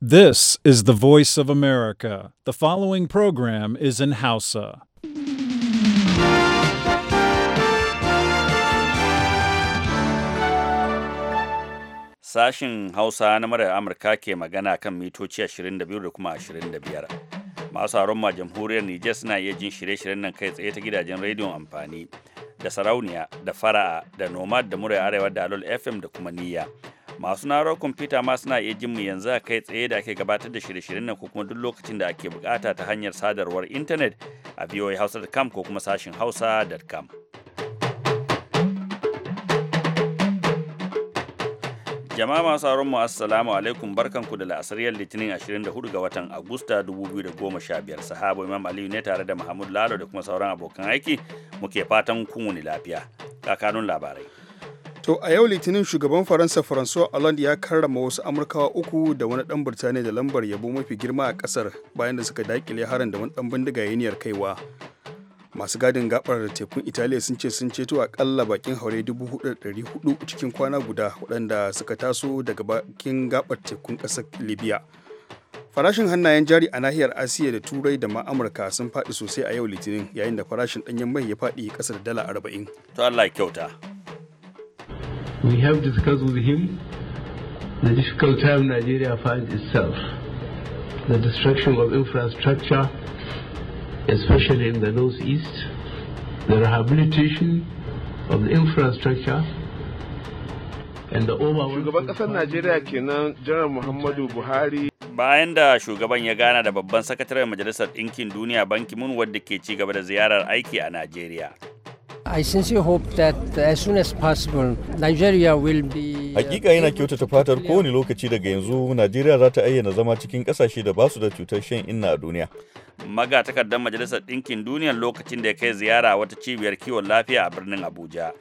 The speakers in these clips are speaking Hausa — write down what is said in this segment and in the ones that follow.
This is the voice of America. The following program is in Hausa. Sashin Hausa na murar Amurka ke magana kan mitoci 22 da kuma 25. Masu haron ma jamhuriyar Nijar suna iya jin shirye-shiryen nan kai tsaye ta gidajen rediyon amfani da sarauniya da fara'a da nomad da murar arewa da alol FM da kuma niyya. masu naro kwamfuta ma suna iya jin mu yanzu a kai tsaye da ake gabatar da shirye-shiryen nan ko kuma duk lokacin da ake bukata ta hanyar sadarwar intanet a hausa.com ko kuma sashin hausa.com jama'a masu sauran mu assalamu alaikum barkanku da la'asariyar litinin 24 ga watan agusta 2015 sahabo imam aliyu ne tare da muhammadu lalo da kuma sauran abokan aiki muke fatan kun wani lafiya kakanun labarai To a yau litinin shugaban Faransa François Hollande ya karrama wasu Amurkawa uku da wani ɗan Birtaniya da lambar yabo mafi girma a ƙasar bayan da suka dakile harin da wani ɗan bindiga ya niyyar kaiwa. Masu gadin gabar tekun Italiya sun ce sun ceto akalla bakin haure 4,400 cikin kwana guda waɗanda suka taso daga bakin gabar tekun ƙasar Libya. farashin hannayen jari a nahiyar asiya da turai da ma amurka sun faɗi sosai a yau litinin yayin da farashin ɗanyen mai ya faɗi ƙasar dala 40. to allah kyauta we have discussed with him the difficult time Nigeria finds itself, the destruction of infrastructure, especially in the northeast, the rehabilitation of the infrastructure. Shugaban ƙasar Najeriya kenan Janar Muhammadu Buhari. Bayan da shugaban ya gana da babban sakataren Majalisar Ɗinkin Duniya Banki Mun wadda ke ci gaba da ziyarar aiki a Najeriya. I sincerely hope that as soon as possible will be uh, Hakika yana kyautata fatar kowane lokaci daga yanzu Najeriya za ta ayyana zama cikin kasashe da basu da cutar shan inna a duniya. Maga takardar Majalisar Ɗinkin Duniya lokacin da ya kai ziyara wata cibiyar kiwon lafiya a birnin Abuja.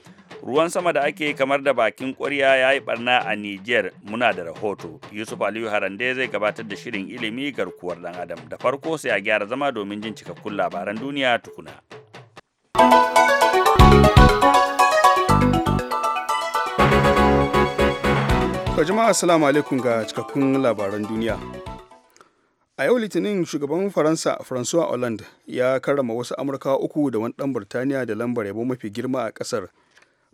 Ruwan sama da ake kamar da bakin ƙwarya ya yi barna a Nijar muna da rahoto. Yusuf Aliyu Harande zai gabatar da shirin ilimi garkuwar ɗan Adam. Da farko sai a gyara zama domin jin cikakkun labaran duniya tukuna. To jama'a assalamu alaikum ga cikakkun labaran duniya. A yau Litinin shugaban Faransa François Hollande ya karrama wasu Amurkawa uku da wani ɗan Burtaniya da lambar yabo mafi girma a ƙasar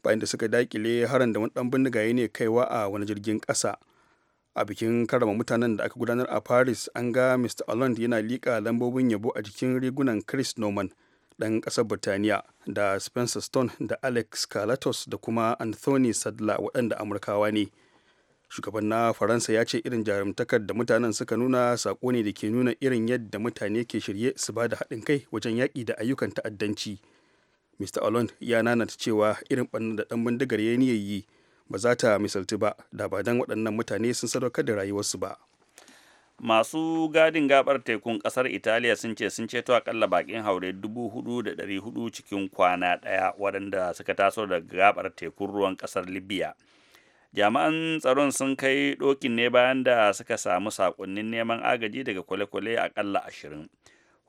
bayan da suka dakile haran da wani ɗan bindigaye ne kaiwa a wani jirgin ƙasa. A bikin karrama mutanen da aka gudanar a Paris an ga Mr. Hollande yana liƙa lambobin yabo a jikin rigunan Chris Norman ɗan ƙasar Burtaniya da Spencer Stone da Alex Kalatos da kuma Anthony Sadler waɗanda Amurkawa ne. shugaban na faransa ya ce irin jarumtakar da mutanen suka nuna sako ne da ke nuna irin yadda mutane ke shirye su ba da haɗin kai wajen yaƙi da ayyukan ta'addanci mr alon ya nanata cewa irin ɓannan da ɗan bindigar ya yi ba za ta misalti ba da ba don waɗannan mutane sun sadaukar da rayuwarsu ba masu gadin gabar tekun kasar italiya sun ce sun ceto akalla bakin haure 4,400 cikin kwana daya waɗanda suka taso daga gabar tekun ruwan kasar libya jami'an tsaron sun kai dokin ne bayan da suka samu sakonnin neman agaji daga kwale-kwale akalla ashirin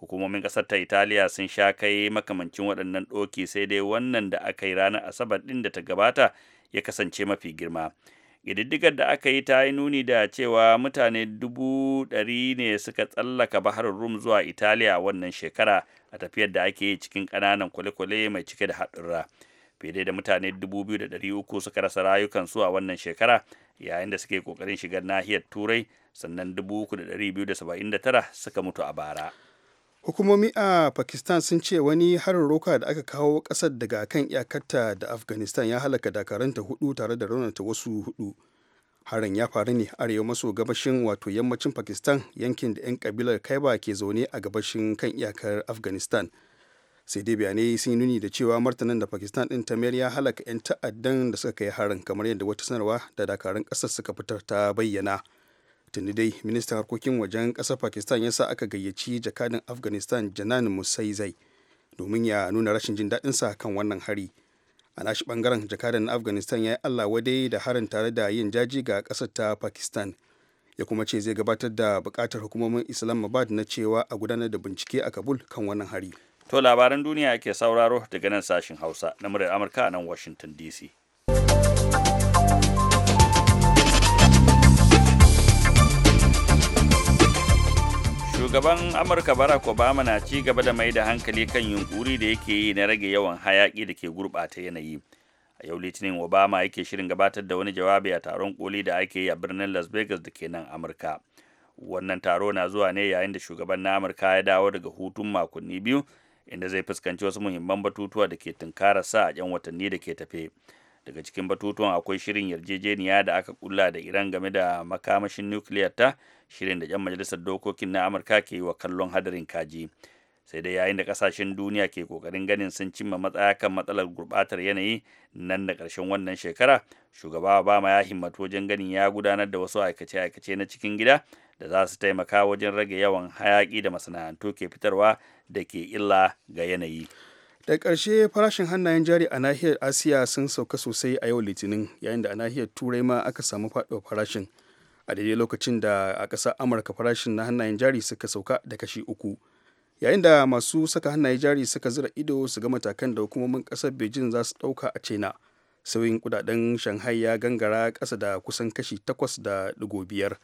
hukumomin ƙasar ta italiya sun sha kai makamancin waɗannan ɗoki sai dai wannan da aka yi ranar asabar ɗin da ta gabata ya kasance mafi girma ƙididdigar da aka yi ta yi nuni da cewa mutane dubu ɗari ne suka tsallaka bahar rum zuwa italiya wannan shekara a tafiyar da ake yi cikin ƙananan kwale-kwale mai cike da haɗurra. fiye da mutane 2,300 suka rasa rayukansu a wannan shekara yayin da suke kokarin shigar nahiyar turai sannan 3,279 suka mutu a bara hukumomi a pakistan sun ce wani harin roka da aka kawo kasar daga kan iyakarta da afghanistan ya halaka dakaranta hudu tare da raunata wasu hudu harin ya faru ne arewa maso gabashin wato yammacin pakistan yankin da 'yan kabilar kaiba ke zaune a gabashin kan iyakar afghanistan sai dai bayanai sun yi nuni da cewa martanin da pakistan din ta mayar ya halaka 'yan ta'addan da suka kai harin kamar yadda wata sanarwa da dakarun kasar suka fitar ta bayyana tuni dai ministan harkokin wajen kasar pakistan ya sa aka gayyaci jakadin afghanistan janan musaizai domin ya nuna rashin jin daɗin sa kan wannan hari a nashi bangaren jakadan afghanistan ya yi allah wadai da harin tare da yin jaji ga kasar ta pakistan ya kuma ce zai gabatar da bukatar hukumomin islamabad na cewa a gudanar da bincike a kabul kan wannan hari To labaran duniya ke sauraro daga nan sashin Hausa na muryar Amurka a nan Washington DC. Shugaban Amurka Barack Obama na ci gaba da mai da hankali kan yunkuri da yake yi na rage yawan hayaƙi da ke gurɓata yanayi. A yau Litinin Obama yake shirin gabatar da wani jawabi a taron koli da ake yi a birnin Las Vegas da ke nan Amurka. Wannan taro na zuwa ne yayin da shugaban na Amurka ya dawo daga hutun makonni biyu inda zai fuskanci wasu muhimman batutuwa da ke sa a 'yan watanni da ke tafe daga cikin batutuwan akwai shirin yarjejeniya da aka kula da iran game da makamashin nukiliyar ta shirin da 'yan majalisar dokokin na amurka ke yi wa kallon hadarin kaji sai dai yayin da kasashen duniya ke kokarin ganin sun cimma matsaya kan matsalar gurbatar yanayi nan da karshen wannan shekara shugaba obama ya himmatu wajen ganin ya gudanar da wasu aikace-aikace na cikin gida da za su taimaka wajen rage yawan hayaƙi da masana'antu ke fitarwa da ke illa ga yanayi. da ƙarshe farashin hannayen jari a nahiyar asiya sun sauka sosai a yau litinin yayin da a nahiyar turai ma aka samu faɗuwar farashin a daidai lokacin da a ƙasa amurka farashin na hannayen jari suka sauka da kashi uku yayin da masu saka hannayen jari suka zira ido su ga matakan da hukumomin ƙasar beijing za su ɗauka a china sauyin kudaden shanghai ya gangara ƙasa da kusan kashi takwas da digo biyar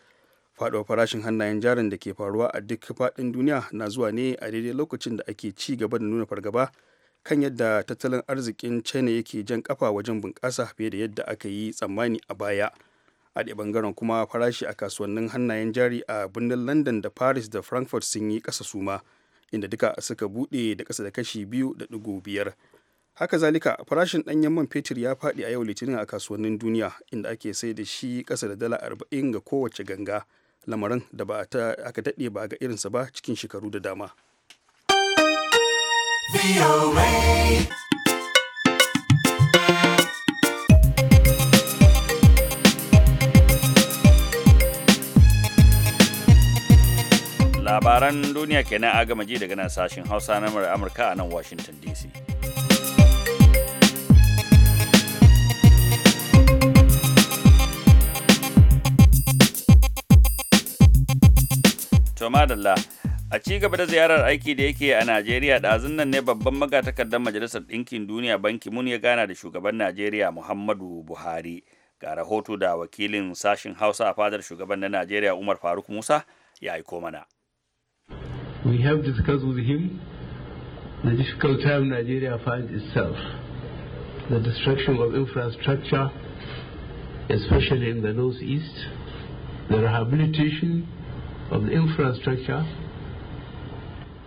faɗuwar farashin hannayen jarin da ke faruwa a duk faɗin duniya na zuwa ne a daidai lokacin da ake ci gaba da nuna fargaba kan yadda tattalin arzikin china yake jan kafa wajen bunƙasa fiye da yadda aka yi tsammani a baya a ɗaya bangaren kuma farashi a kasuwannin hannayen jari a birnin london da paris da frankfurt sun yi ƙasa suma inda duka suka buɗe da ƙasa da kashi biyu da ɗigo biyar haka zalika farashin ɗanyen man fetur ya faɗi a yau litinin a kasuwannin duniya inda ake sai da shi ƙasa da dala arba'in ga kowace ganga lamarin da ba aka daɗe ba ga irinsa ba cikin shekaru da dama. Labaran duniya kenan a gama ji daga nan sashen Hausa na Amurka a nan Washington DC. To madalla a ci gaba da ziyarar aiki da yake a Najeriya ɗazun nan ne babban magatakardar Majalisar Ɗinkin Duniya Banki Mun ya gana da shugaban Najeriya Muhammadu Buhari. Ga rahoto da wakilin sashen Hausa a fadar shugaban na Najeriya Umar Faruk Musa ya aiko mana. We have discussed with him the difficult time Nigeria finds itself, the destruction of infrastructure, especially in the northeast, the rehabilitation of the infrastructure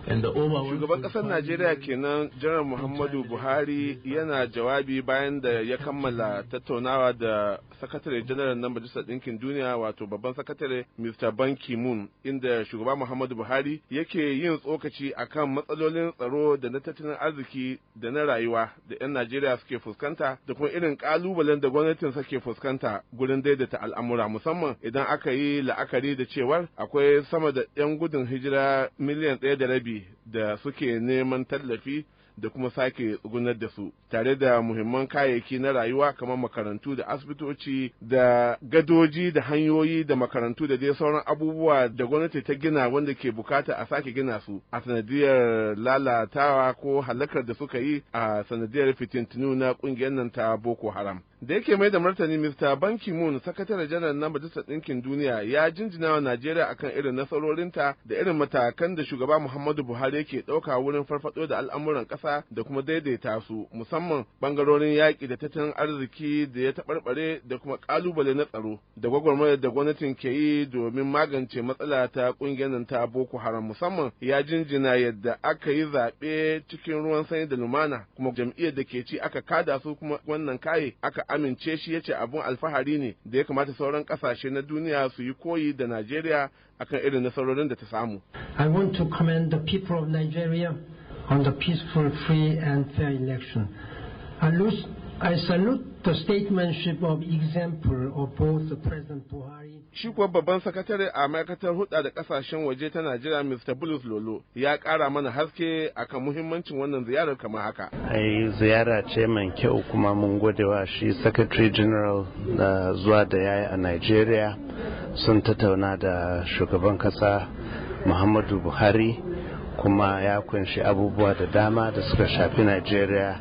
Shugaban ƙasar Najeriya kenan Janar Muhammadu Buhari yana jawabi bayan da ya kammala tattaunawa da sakatare Janaral na Majalisar Ɗinkin Duniya wato babban sakatare Mr. Ban Ki-moon inda shugaba Muhammadu Buhari yake yin tsokaci akan matsalolin tsaro da na tattalin arziki da na rayuwa da 'yan Najeriya suke fuskanta da kuma irin ƙalubalen da gwamnatin suke fuskanta gurin daidaita al'amura musamman idan aka yi la'akari da cewar akwai sama da 'yan gudun hijira miliyan ɗaya da rabi da suke neman tallafi da kuma sake tsugunar da su tare da muhimman kayayyaki na rayuwa kamar makarantu da asibitoci da gadoji da hanyoyi da makarantu da dai sauran abubuwa da gwamnati ta gina wanda ke bukata a sake gina su a sanadiyar lalatawa ko halakar da suka yi a sanadiyar fitintinu na kungiyar nan ta boko haram da yake mai da martani mr ban ki-moon sakataren janar na majalisar ɗinkin duniya ya jinjina wa najeriya akan irin nasarorinta da irin matakan da shugaba muhammadu buhari yake ɗauka wurin farfaɗo da al'amuran ƙasa da kuma daidaita su musamman ɓangarorin yaƙi da tattalin arziki da ya taɓarɓare da kuma ƙalubale na tsaro da gwagwarmayar da gwamnatin ke yi domin magance matsala ta ƙungiyar nan ta boko haram musamman ya jinjina yadda aka yi zaɓe cikin ruwan sanyi da lumana kuma jam'iyyar da ke ci aka kada su kuma wannan kaye aka amince shi ya ce abin alfahari ne da ya kamata sauran kasashe na duniya su yi koyi da Najeriya akan irin nasarorin da ta samu. I want to commend the people of Nigeria on the peaceful, free and fair election. I lose I salute the statesmanship of example of both the President Buhari. Shi kuwa babban sakatare a ma'aikatar Huɗa da ƙasashen waje ta Najeriya Mr. Bulus Lolo ya kara mana haske akan muhimmancin wannan ziyarar kamar haka. Ai ziyara ce mai kyau kuma mun wa shi Secretary General da zuwa da yayi a Najeriya sun tattauna da shugaban kasa Muhammadu Buhari kuma ya kunshi abubuwa da dama da suka shafi Najeriya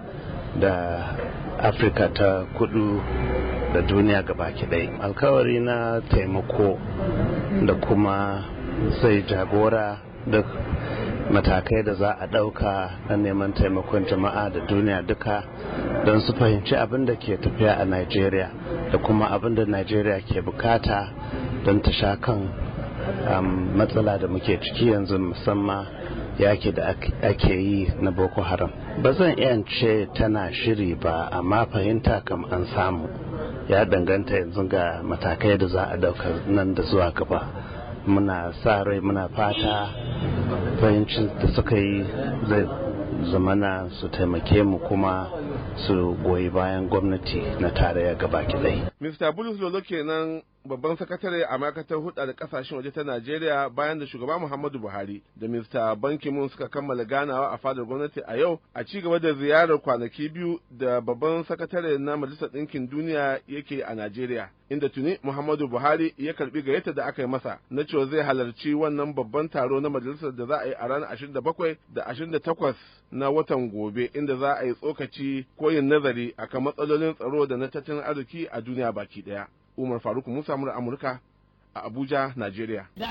da afirka ta kudu da duniya gabaki ɗaya alkawari na taimako da kuma zai jagora da matakai da za a ɗauka na neman taimakon jama'a da duniya duka don su fahimci abin da ke tafiya a nigeria da kuma abin da nigeria ke bukata don ta sha kan um, matsala da muke ciki yanzu musamman yaki da ake yi na boko haram ba zan iya ce tana shiri ba amma fahimta kam an samu ya danganta yanzu ga matakai da za a dauka nan da zuwa gaba muna sa rai muna fata fahimcin da suka yi zai zamana su taimake mu kuma su goyi bayan gwamnati na tarayya gaba kidai. Mr. Bulus Lolo kenan babban sakatare a ma'aikatar hudda da kasashen waje ta Najeriya bayan da shugaba Muhammadu Buhari da Mr. Ban ki suka kammala ganawa a fadar gwamnati a yau a ci gaba da ziyarar kwanaki biyu da babban sakatare na Majalisar Ɗinkin Duniya yake a Najeriya. Inda tuni Muhammadu Buhari ya karbi gayyata da aka yi masa na cewa zai halarci wannan babban taro na majalisar da za a yi a ranar 27 da 28 na watan gobe inda za a yi tsokaci ko nazari akan matsalolin tsaro da na tattalin arziki a duniya baki daya. Umar Faruk Musa mura Amurka a Abuja, Najeriya. da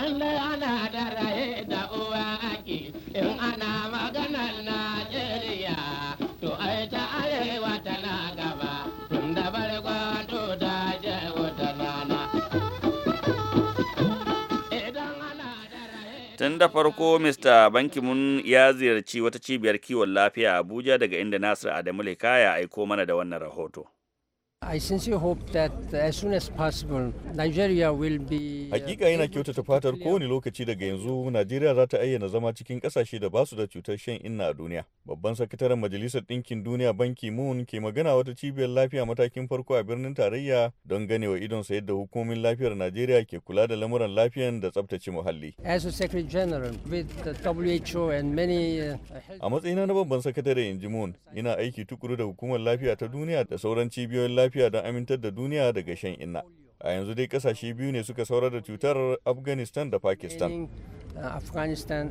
raye da uwa ake in ana maganar Najeriya to tun da farko Mr. Bankimun ya ziyarci wata cibiyar kiwon lafiya a Abuja daga inda Nasir Adamu Lekaya aiko mana da wannan rahoto. Uh, Hakika yana kyautata fatar kowane lokaci daga yanzu Najeriya za ta ayyana zama cikin kasashe da basu da cutar shan inna a duniya. Babban sakataren Majalisar Ɗinkin Duniya Banki Moon ke magana wata cibiyar lafiya matakin farko a birnin tarayya don ganewa sa yadda hukumomin lafiyar Najeriya ke kula da lamuran lafiyan da tsabtace muhalli. Uh, a matsayina na babban sakatare inji Moon, ina aiki tukuru da hukumar lafiya ta duniya da sauran cibiyoyin lafiya lafiya don amintar da duniya daga shan inna a yanzu dai kasashe biyu ne suka saurar da cutar afghanistan da pakistan uh, afghanistan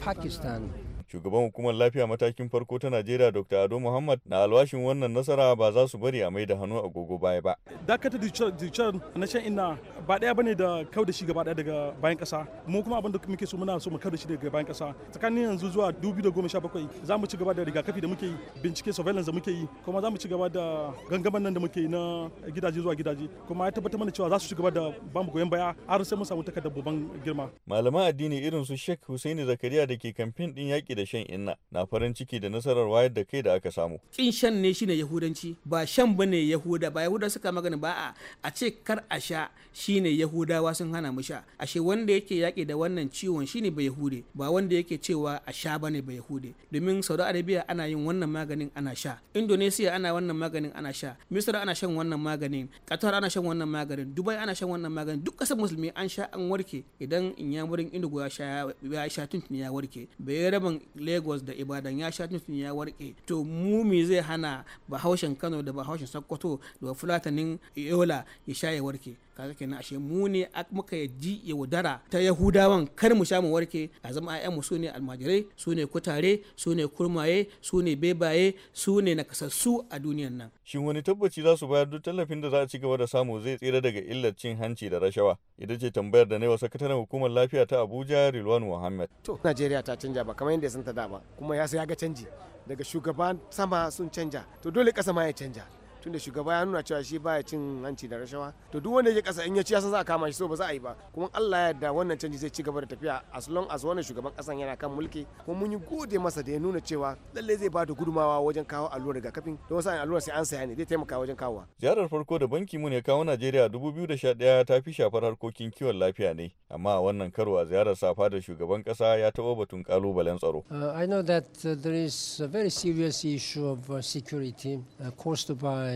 pakistan Shugaban hukumar lafiya matakin farko ta Najeriya Dr. Ado Muhammad na alwashin wannan nasara ba za su bari a mai da hannu agogo baya ba. Dakata dichar na shan ina ba daya bane da kau da shi gaba daya daga bayan kasa Mu kuma abin da muke so muna so mu kau da shi daga bayan kasa Tsakanin yanzu zuwa 2017 za mu ci gaba da rigakafi da muke yi, bincike surveillance da muke yi, kuma za mu ci gaba da gangaman nan da muke yi na gidaje zuwa gidaje. Kuma ya tabbatar mana cewa za su ci gaba da bamu goyon baya har sai mun samu takardar babban girma. Malaman addini irin su Sheikh Hussaini Zakariya da ke kamfen din yaki da da shan inna na farin ciki da nasarar wayar da kai da aka samu kin shan ne shine yahudanci ba shan bane yahuda ba yahuda suka magana ba a a ce kar a sha shine yahudawa sun hana mu sha ashe wanda yake yaki da wannan ciwon shine ba yahude ba wanda yake cewa a sha bane ba yahude domin saudi arabia ana yin wannan maganin ana sha indonesia ana wannan maganin ana sha misra ana shan wannan maganin qatar ana shan wannan maganin dubai ana shan wannan maganin duk kasar musulmi an sha an warke idan inyamurin indigo ya sha ya sha tuntun ya warke bai rabin lagos da ibadan ya sha tuntun ya warke to mumi zai hana bahaushen kano da bahaushen sokoto da fulatanin yola ya sha ya warke kaga kenan ashe mu ne muka ji yaudara ta yahudawan kar mu sha mu warke a zama ayyanmu su ne almajirai su ne kutare su ne kurmaye su ne bebaye su ne nakasassu a duniyan nan shin wani tabbaci za su bayar duk tallafin da za a ci gaba da samu zai tsira daga illar cin hanci da rashawa idan ce tambayar da na wa sakataren hukumar lafiya ta abuja rilwan muhammad to najeriya ta canja ba kamar yadda sun ta da ba kuma ya ya ga canji daga shugaban sama sun canja to dole kasa ma ya canja tunda shugaba ya nuna cewa shi baya cin hanci da rashawa to duk wanda yake kasa in ya ci yasan za a kama shi so ba za a yi ba kuma Allah ya yarda wannan canji zai ci gaba da tafiya as long as wannan shugaban kasan yana kan mulki kuma mun yi gode masa da ya nuna cewa lalle zai bada gudumawa wajen kawo allurar rigakafin don wasu allurar sai an saya ne zai taimaka wajen kawowa ziyarar farko da banki mu ya kawo Najeriya 2011 ta fi shafar harkokin kiwon lafiya ne amma a wannan karo a ziyarar safa da shugaban kasa ya taɓa batun kalubalen tsaro uh, I know that uh, there is a very serious issue of uh, security caused by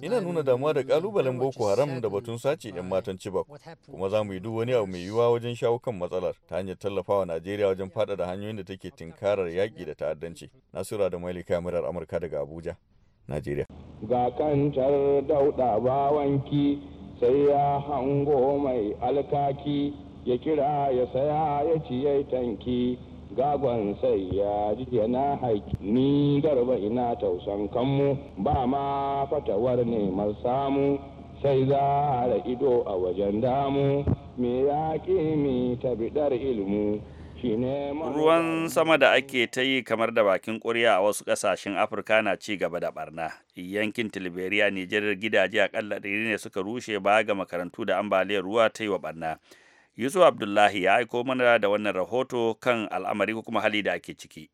Ina nuna damuwa da kalubalen Boko Haram da batun sace 'yan matan Chibok, kuma za mu yi duk wani abu mai yiwuwa wajen shawo kan matsalar ta hanyar tallafawa Najeriya wajen faɗaɗa hanyoyin da take tinkarar yaƙi da ta'addanci. Nasura da Maili Murar Amurka daga Abuja, Najeriya. Ga kancar dauɗa bawanki sai ya hango mai alkaki ya kira ya saya ya ciye tanki. gagon sai ya ji na haiki ni garba ina tausan kanmu ba ma fatawar neman samu sai za a ido a wajen damu me ya mi tabidar ilmu ruwan sama da ake ta yi kamar da bakin ƙuri'a a wasu ƙasashen afirka na ci gaba da barna yankin tilberiya nijar gidaje akalla ɗari ne suka rushe ba ga makarantu da ambaliyar ruwa ta yi wa barna yusuf abdullahi ya aiko mana da wannan rahoto kan al'amari ko kuma hali da ake ciki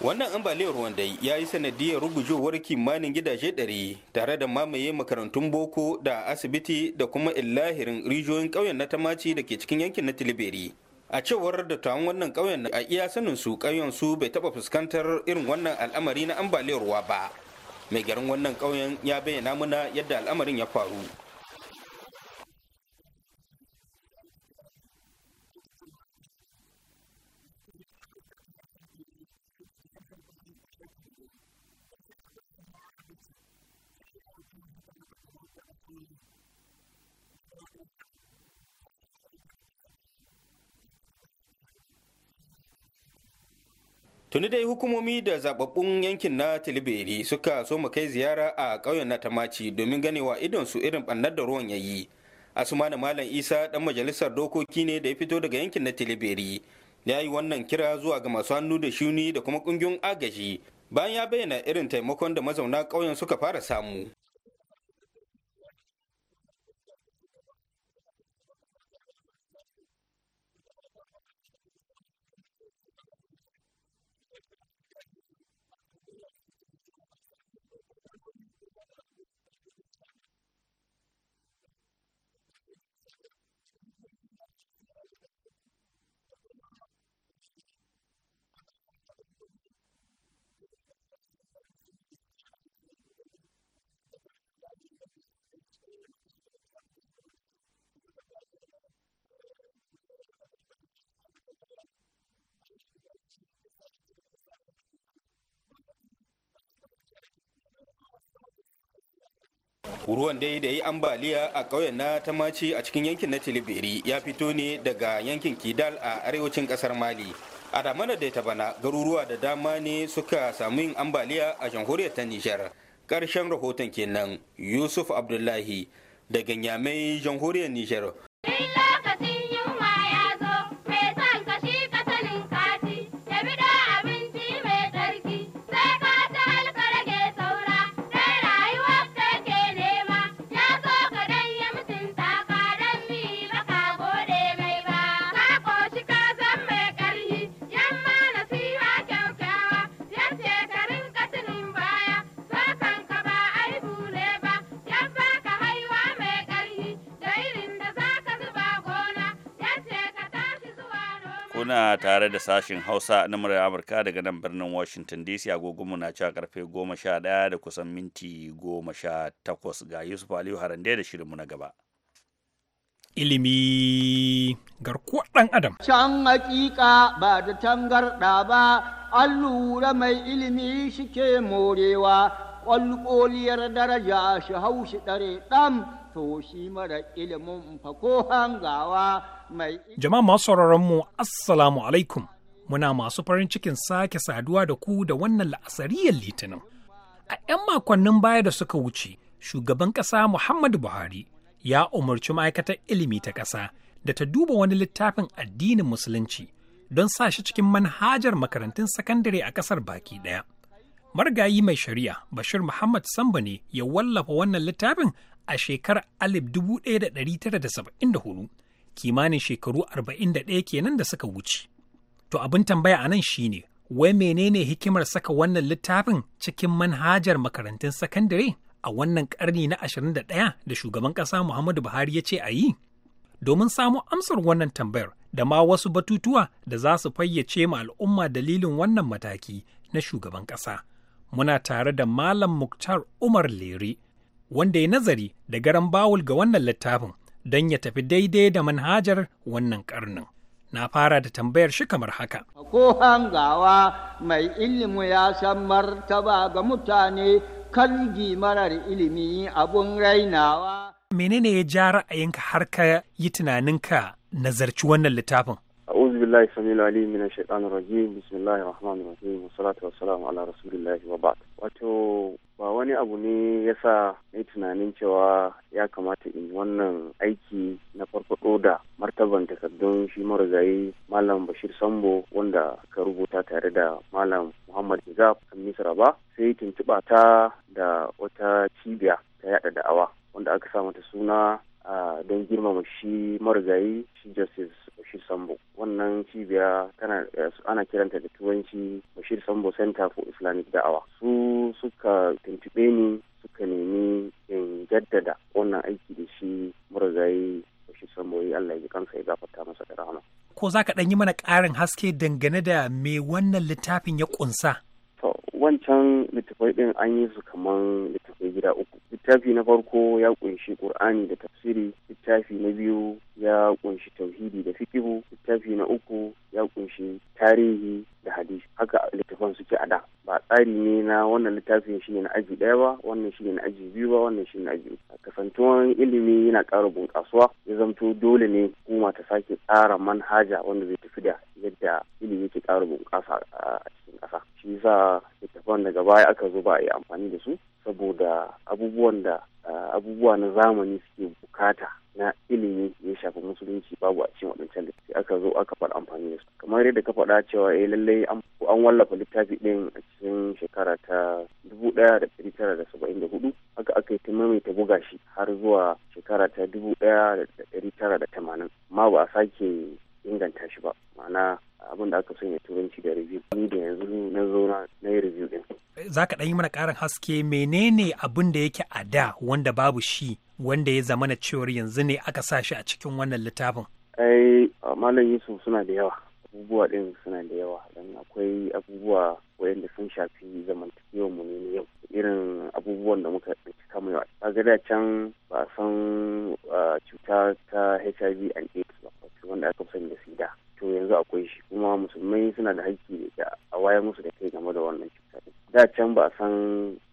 wannan ambaliyar ruwan dai ya yi sanadiyar rugujewar kimanin gidaje ɗari tare da mamaye makarantun boko da asibiti da kuma illahirin rijiyoyin ƙauyen na tamaci da ke cikin yankin na tiliberi a cewar da tawon wannan ƙauyen a iya sanin su ƙauyen su bai taɓa fuskantar irin wannan al'amari na ambaliyar ruwa ba mai garin wannan ƙauyen ya bayyana muna yadda al'amarin ya faru tuni dai hukumomi da zababbun yankin na tiliberi suka so mu kai ziyara a ƙauyen na tamaci domin ganewa idon su irin ɓannar da ruwan ya yi asumana malam isa dan majalisar dokoki ne da ya fito daga yankin na tiliberi ya yi wannan kira zuwa ga masu hannu da shuni da kuma kungiyoyin agaji bayan ya bayyana irin taimakon da mazauna ƙauyen suka fara samu ruwan dai da yi ambaliya a ƙauyen na tamaci a cikin yankin na tilibiri ya fito ne daga yankin kidal a arewacin ƙasar mali a damana da ta bana garuruwa da dama ne suka samu yin ambaliya a jamhuriyar ta nijar ƙarshen rahoton kenan yusuf abdullahi daga nyamai jamhuriyar nijar kuna tare da sashin Hausa na murar Amurka daga nan birnin Washington DC agogonmu na cewa karfe 11 da kusan minti 18 ga Yusuf Aliyu Harande da shirinmu na gaba. Ilimi garkuwar ɗan Adam. Can hakika ba da tangarɗa ba, allura mai ilimi shike morewa, ƙwalƙoliyar daraja shi haushi ɗare ɗan. to shi mara ilimin fa ko hangawa mai jama'a masu sauraron mu assalamu alaikum muna masu farin cikin sake saduwa da ku da wannan la'asariyar litinin a 'yan makonnin baya da suka wuce shugaban ƙasa muhammadu buhari ya umarci ma'aikatar ilimi ta ƙasa da ta duba wani littafin addinin musulunci don sa shi cikin manhajar makarantun sakandare a ƙasar baki ɗaya. Marigayi mai shari'a Bashir Muhammad Sambani ya wallafa wannan littafin a shekarar 1974 kimanin shekaru 41 kenan da suka wuce. To abin tambaya a nan shine, wai menene hikimar saka wannan littafin cikin manhajar makarantun sakandare a wannan karni na 21 da shugaban ƙasa Muhammadu Buhari ya ce a yi? Domin samu amsar wannan tambayar da ma wasu batutuwa da za su fayyace ma al'umma dalilin wannan mataki na shugaban ƙasa. Muna tare da Malam Muktar Umar Lere. wanda ya nazari da garan bawul ga wannan littafin don ya tafi daidai da manhajar wannan karnin. Na fara da tambayar shi kamar haka. Ko hangawa mai ilimi ya san martaba ga mutane kalgi marar ilimi abun rainawa. Menene ya ja ra'ayinka har ka yi tunaninka nazarci wannan littafin? أعوذ بالله السميع العليم من الشيطان الرجيم بسم الله الرحمن الرحيم والصلاة والسلام على رسول الله wato ba wani abu ne ya sa na tunanin cewa ya kamata in wannan aiki na farfado da martaban takardun shi marigayi malam bashir sambo wanda ka rubuta tare da malam muhammad hijab a misra ba sai tuntuɓa ta da wata cibiya ta yada da'awa wanda aka sa mata suna don girmama shi marigayi shi justice bashir sambo wannan cibiya tana ana kiranta da turanci bashir sambo center for islamic da'awa su suka tuntuɓeni ni suka nemi in jaddada wannan aiki da shi marigayi bashir sambo yi allah ya kansa ya gafarta masa da rahama ko za ka ɗan yi mana ƙarin haske dangane da me wannan littafin ya ƙunsa? wancan littafai ɗin an yi su kamar littafai akwai gida uku littafi na farko ya kunshi ƙur'ani da tafsiri littafi na biyu ya kunshi tauhidi da fikihu littafi na uku ya kunshi tarihi da hadisi haka littafan suke a da ba tsari ne na wannan littafin shi na aji ɗaya ba wannan shi na aji biyu ba wannan shi ne na aji kasantuwan ilimi yana ƙara bunƙasuwa ya zamto dole ne kuma ta sake tsara manhaja wanda zai tafi da yadda ilimi ke ƙara bunƙasa a cikin ƙasa shi yasa littafan daga baya aka zo ba a yi amfani da su saboda abubuwan da abubuwa na zamani suke bukata na ilimi ya shafi musulunci babu a cikin waɗancan littafi aka zo aka faɗa amfani da su kamar yadda ka faɗa cewa eh lallai an wallafa littafi ɗin a cikin shekara ta dubu ɗaya da ɗari tara da saba'in da hudu haka aka yi ta buga shi har zuwa shekara ta dubu ɗaya da ɗari tara da tamanin amma ba a sake inganta shi ba ma'ana abin da aka sanya turanci da review ni da yanzu za ka ɗan yi mana ƙarin haske menene abin da yake a da wanda babu shi wanda ya zama na cewar yanzu ne aka sa shi a cikin wannan littafin? Ai, Malam Yusuf suna da yawa, abubuwa ɗin suna da yawa, don akwai abubuwa wayanda sun shafi zamantakewa mu ne yau, irin abubuwan da muka ɗauki kama yau. A gada can ba san cuta ta HIV and AIDS ba, wanda aka sani da sida. To yanzu akwai shi, kuma musulmai suna da haƙƙi da a wayar musu da can ba a san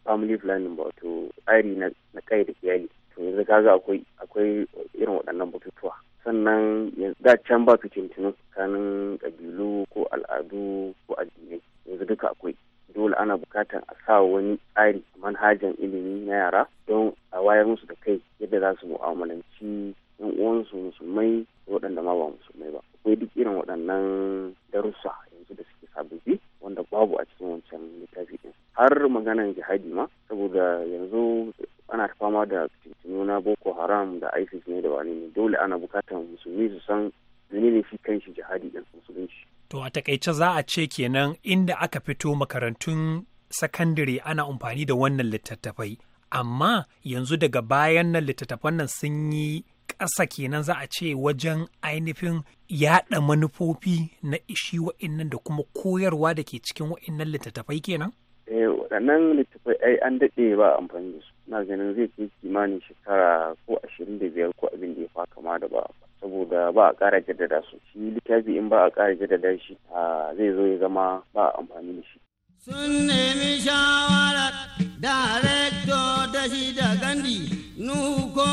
family planning ba wato tsari na kai da iyali to yanzu kaga akwai akwai irin waɗannan batutuwa sannan da can ba cintinu tsakanin ƙabilu ko al'adu ko addinai yanzu duka akwai dole ana bukatar a sa wani tsari manhajan ilimi na yara don a wayar musu da kai yadda za su mu'amalanci yan uwansu musulmai waɗanda ma ba musulmai ba akwai duk irin waɗannan darussa yanzu da suke sababbi wanda babu a cikin wancan littafi har maganan jihadi ma saboda yanzu ana fama da tuntuni na boko haram da isis ne da wani ne dole ana bukatar musulmi su san zini shi kan shi jihadi ɗin musulunci. to a takaice za a ce kenan inda aka fito makarantun sakandare ana amfani da wannan littattafai amma yanzu daga bayan nan littattafan nan sun yi ƙasa kenan za a ce wajen ainihin yaɗa manufofi na ishi wa'innan da kuma koyarwa da ke cikin wa'innan littattafai kenan? waɗannan littattafai ai an daɗe ba amfani da su na ganin zai ke kimanin shekara ko ashirin da biyar ko abin da ya faka kama da ba saboda ba a ƙara jaddada su shi littafi in ba a ƙara jaddada shi zai zo ya zama ba a amfani da shi. sun nemi shawara darekto da shi da gandi nuko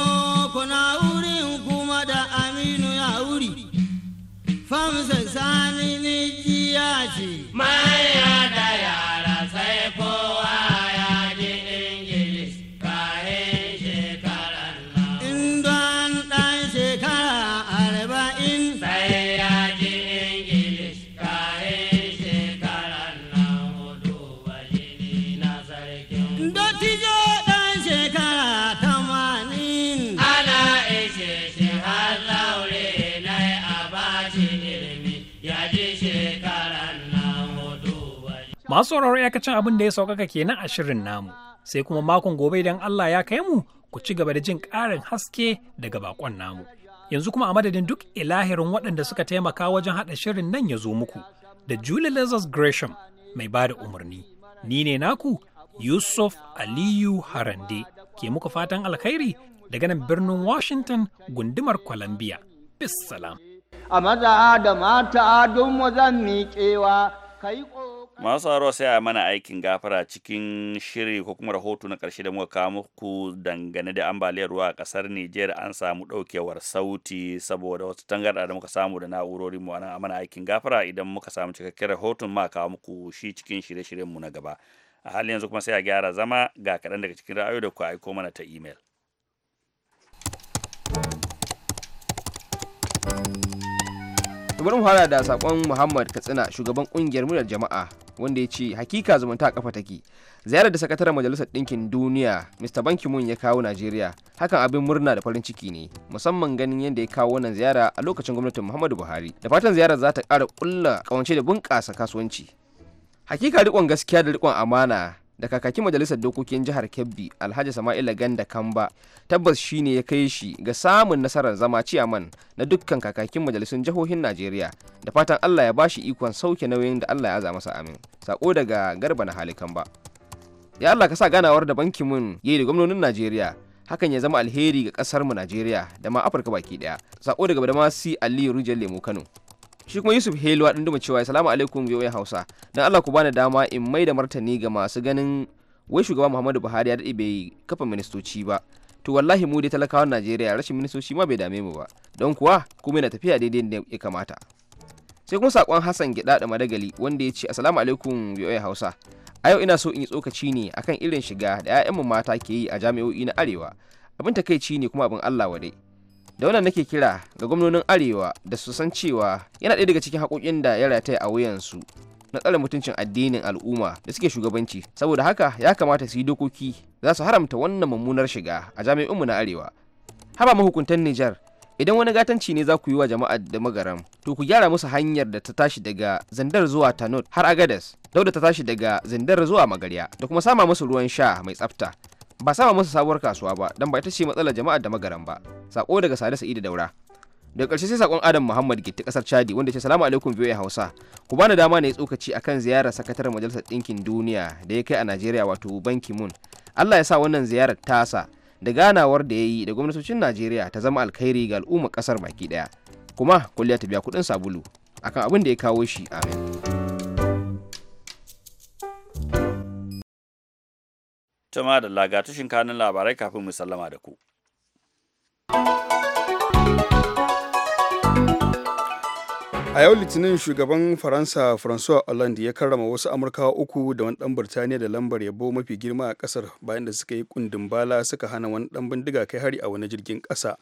kuna wurin kuma da aminu ya wuri famsa sami ni ce. Masu sauraro iyakacin abin da ya saukaka kenan a shirin namu, sai kuma makon gobe idan Allah ya kai mu ku ci gaba da jin ƙarin haske daga bakon namu. Yanzu kuma a madadin duk ilahirin waɗanda suka taimaka wajen haɗa shirin nan ya zo muku da Julie Lazarus Gresham mai ba da umarni. Ni ne naku Yusuf Aliyu Harande ke muku fatan alkhairi daga nan birnin Washington gundumar Columbia. Bis salam. A maza da mata don mu zan miƙewa, kai masu tsaro sai a mana aikin gafara cikin shiri ko kuma rahoto na ƙarshe da muka kawo muku dangane da ambaliyar ruwa a ƙasar Nijar an samu ɗaukewar sauti saboda wasu tangarɗa da muka samu da na'urorin mu a mana aikin gafara idan muka samu cikakken rahoton ma kawo muku shi cikin shirye-shiryen mu na gaba a halin yanzu kuma sai a gyara zama ga kaɗan daga cikin ra'ayoyi da ku aiko mana ta imel. bari mu fara da sakon muhammad katsina shugaban kungiyar muryar jama'a wanda ya ce hakika zumunta kafa take ziyarar da sakataren majalisar ɗinkin duniya mr banki mun ya kawo najeriya hakan abin murna da farin ciki ne musamman ganin yadda ya kawo wannan ziyara a lokacin gwamnatin muhammadu buhari da fatan ziyarar za ta ƙara ƙulla kawance da bunƙasa kasuwanci hakika riƙon gaskiya da riƙon amana da kakakin majalisar dokokin jihar kebbi alhaji sama'ila ganda kamba tabbas shine ya kai shi ga samun nasarar zama ciyaman na dukkan kakakin majalisun jihohin najeriya da fatan allah ya bashi ikon sauke nauyin da allah ya aza masa amin sako daga garba na hali kamba ya allah ka sa ganawar da bankin mun yayi da gwamnonin najeriya hakan ya zama alheri ga kasar mu najeriya da ma afirka baki daya sako daga badamasi aliyu rijiyar lemo kano shi kuma yusuf heluwa ɗin duma cewa salamu alaikum biyoyi hausa don allah ku bani dama in mai da martani ga masu ganin wai shugaba muhammadu buhari ya daɗe bai kafa ministoci ba to wallahi mu dai talakawan najeriya rashin ministoci ma bai dame mu ba don kuwa kuma yana tafiya daidai da ya kamata sai kuma sakon hassan gida da madagali wanda ya ce assalamu alaikum biyoyi hausa a yau ina so in yi tsokaci ne akan irin shiga da 'ya'yanmu mata ke yi a jami'o'i na arewa abin takaici ne kuma abin allah dai da wannan nake kira ga gwamnonin arewa da su san cewa yana ɗaya daga cikin haƙoƙin da ya rataya a wuyansu na tsare mutuncin addinin al'umma da suke shugabanci saboda haka ya kamata su yi dokoki za su haramta wannan mummunar shiga a jami'inmu na arewa haba mahukuntan Nijar idan wani gatanci ne za ku yi wa jama'ar da magaram to ku gyara musu hanyar da ta tashi daga zandar zuwa tanot har agadas dauda ta tashi daga zandar zuwa magarya da kuma sama musu ruwan sha mai tsafta ba saba masa sabuwar kasuwa ba dan ba ita ce matsalar jama'a da magaran ba sako daga Sade Sa'idu Daura da ƙarshe sai sakon Adam Muhammad Gitti kasar Chadi wanda ce salamu alaikum biyoyi Hausa ku bani dama ne tsokaci akan ziyarar sakataren majalisar ɗinkin duniya da ya kai a Najeriya wato banki Ki-moon Allah ya sa wannan ziyarar tasa da ganawar da ya yi da gwamnatocin Najeriya ta zama alkhairi ga al'ummar kasar baki daya kuma kulliya ta biya kuɗin sabulu akan abin da ya kawo shi amin Tuma da laga kanin labarai kafin mu sallama da ku. A yau Litinin shugaban Faransa François Hollande ya karrama wasu Amurkawa uku da wani ɗan Birtaniya da lambar yabo mafi girma a ƙasar bayan da suka yi kundin bala suka hana wani ɗan bindiga kai hari a wani jirgin ƙasa.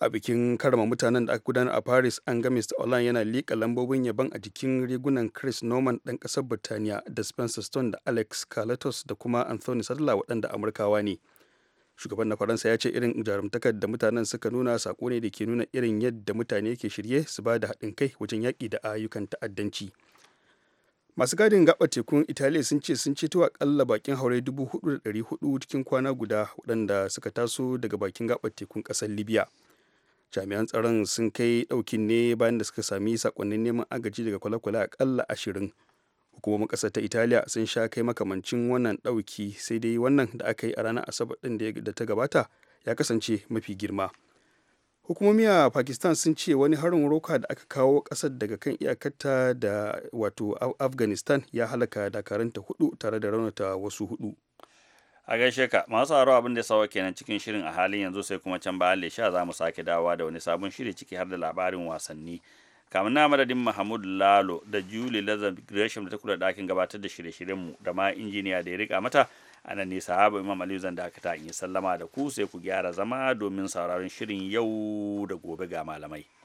a bikin karama mutanen da aka gudanar a paris an ga mr olan yana liƙa lambobin yaban a jikin rigunan chris norman ɗan ƙasar birtaniya da spencer stone da alex carlatos da kuma anthony sadler waɗanda amurkawa ne shugaban na faransa ya ce irin jarumtakar da mutanen suka nuna sako ne da ke nuna irin yadda mutane ke shirye su ba da haɗin kai wajen yaƙi da ayyukan ta'addanci masu gadin gaba tekun italiya sun ce sun ceto akalla bakin haure 4,400 cikin kwana guda waɗanda suka taso daga bakin gaba tekun ƙasar libya jami'an tsaron sun kai daukin ne bayan da suka sami sakonnin neman agaji daga kwale-kwale akalla ashirin hukumomin ƙasar ta italiya sun sha kai makamancin wannan dauki sai dai wannan da aka yi a ranar asabar ɗin da ta gabata ya kasance mafi girma hukumomi a pakistan sun ce wani harin roka da aka kawo ƙasar daga kan iyakarta da wato afghanistan ya halaka dakaranta hudu tare da raunata wasu hudu a gaishe ka masu haro abin da sawa kenan cikin shirin a halin yanzu sai kuma can bayan lesha za mu sake dawowa da wani sabon shiri ciki har da labarin wasanni kamun na madadin mahmud lalo da juli lazar gresham da ta kula dakin gabatar da shirye-shiryenmu da ma injiniya da ya rika mata a nan nisa sahaba imam aliyu zan dakata in yi sallama da ku sai ku gyara zama domin sauraron shirin yau da gobe ga malamai